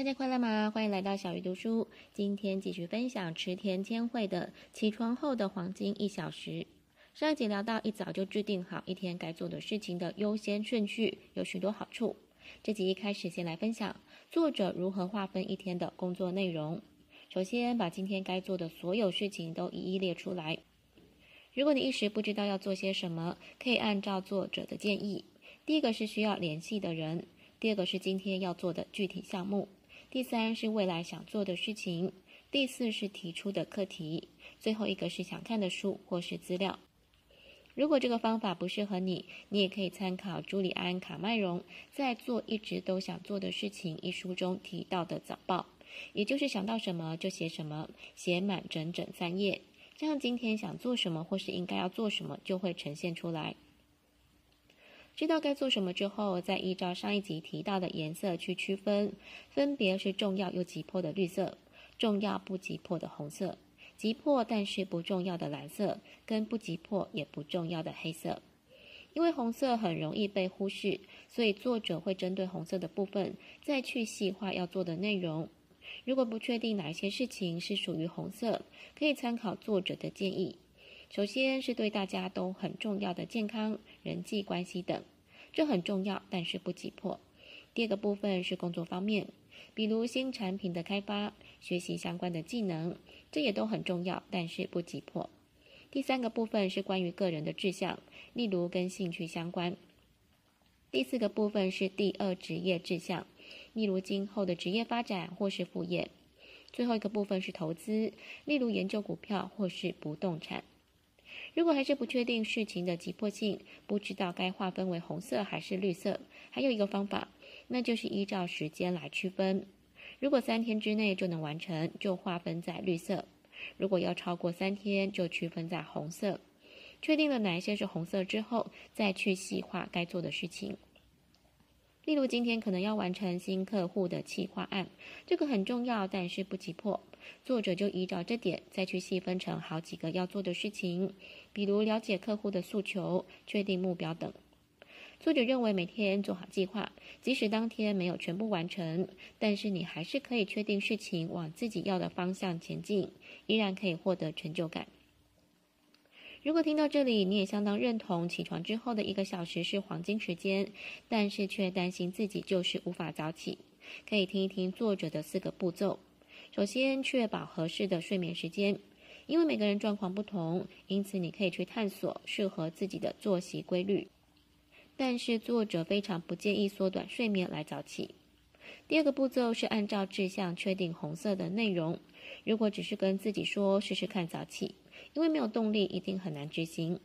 大家快樂嗎？歡迎來到小魚讀書。今天繼續分享池田千惠的《起床後的黃金一小時》。上集聊到，一早就制定好一天該做的事情的優先順序，有許多好處。這集一開始先來分享作者如何劃分一天的工作內容。首先把今天該做的所有事情都一一列出來。如果你一時不知道要做些什麼，可以按照作者的建議：第一個是需要聯繫的人，第二個是今天要做的具體項目。第三是未來想做的事情，第四是提出的課題，最後一個是想看的書或是資料。如果這個方法不適合你，你也可以參考朱里安·卡麥隆在《做一直都想做的事情》一書中提到的早報，也就是想到什麼就寫什麼，寫滿整整三頁，這樣今天想做什麼或是應該要做什麼就會呈現出來。知道該做什麼之後，再依照上一集提到的顏色去區分，分別是重要又急迫的綠色，重要不急迫的紅色，急迫但是不重要的藍色，跟不急迫也不重要的黑色。因為紅色很容易被忽視，所以作者會針對紅色的部分再去細化要做的內容。如果不確定哪一些事情是屬於紅色，可以參考作者的建議。首先是對大家都很重要的健康、人際關係等。這很重要，但是不急迫。第二個部分是工作方面，比如新產品的開發、學習相關的技能，這也都很重要，但是不急迫。第三個部分是關於個人的志向，例如跟興趣相關。第四個部分是第二職業志向，例如今後的職業發展或是副業。最後一個部分是投資，例如研究股票或是不動產。如果還是不確定事情的急迫性，不知道該劃分為紅色還是綠色，還有一個方法，那就是依照時間來區分。如果三天之內就能完成，就劃分在綠色；如果要超過三天，就區分在紅色。確定了哪一些是紅色之後，再去細化該做的事情。例如，今天可能要完成新客戶的企劃案，這個很重要，但是不急迫。作者就依照這點，再去細分成好幾個要做的事情，比如了解客戶的訴求、確定目標等。作者認為，每天做好計劃，即使當天沒有全部完成，但是你還是可以確定事情往自己要的方向前進，依然可以獲得成就感。如果聽到這裡，你也相當認同起床之後的一個小時是黃金時間，但是卻擔心自己就是無法早起，可以聽一聽作者的四個步驟。首先，確保合適的睡眠時間，因為每個人狀況不同，因此你可以去探索適合自己的作息規律。但是，作者非常不建議縮短睡眠來早起。第二個步驟是按照志向確定紅色的內容。如果只是跟自己說試試看早起，因為沒有動力，一定很難執行。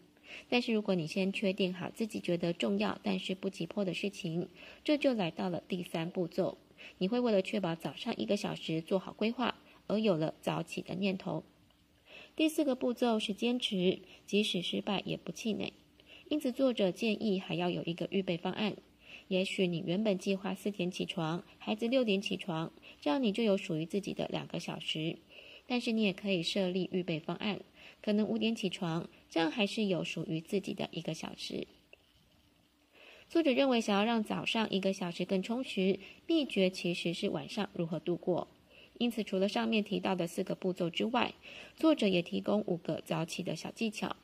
但是，如果你先確定好自己覺得重要但是不急迫的事情，這就來到了第三步驟。你會為了確保早上一個小時做好規劃，而有了早起的念頭。第四個步驟是堅持，即使失敗也不氣餒。因此，作者建議還要有一個預備方案。也許你原本計劃四點起床，孩子六點起床，這樣你就有屬於自己的兩個小時。但是你也可以設立預備方案，可能五點起床，這樣還是有屬於自己的一個小時。作者認為，想要讓早上一個小時更充實，秘訣其實是晚上如何度過。因此，除了上面提到的四個步驟之外，作者也提供五個早起的小技巧。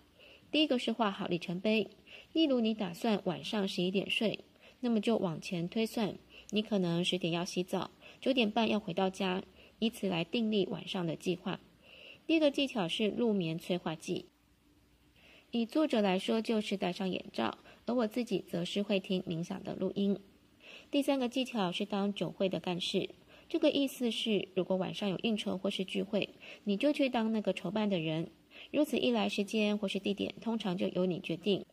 第一個是畫好里程碑，例如你打算晚上十一點睡，那麼就往前推算，你可能十點要洗澡，九點半要回到家，以此來訂立晚上的計劃。第二個技巧是入眠催化劑，以作者來說就是戴上眼罩。而我自己則是會聽冥想的錄音。第三個技巧是當酒會的幹事，這個意思是如果晚上有應酬或是聚會，你就去當那個籌辦的人。如此一來，時間或是地點通常就由你決定。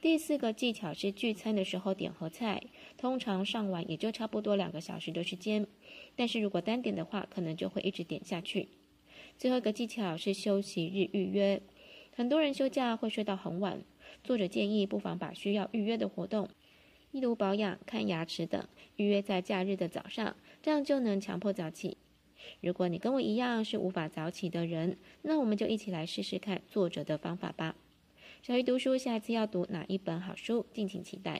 第四個技巧是聚餐的時候點合菜，通常上完也就差不多兩個小時的時間。但是如果單點的話，可能就會一直點下去。最後一個技巧是休息日預約。很多人休假會睡到很晚，作者建議不妨把需要預約的活動，例如保養、看牙齒等預約在假日的早上，這樣就能強迫早起。如果你跟我一樣是無法早起的人，那我們就一起來試試看作者的方法吧。小魚讀書下次要讀哪一本好書，敬請期待。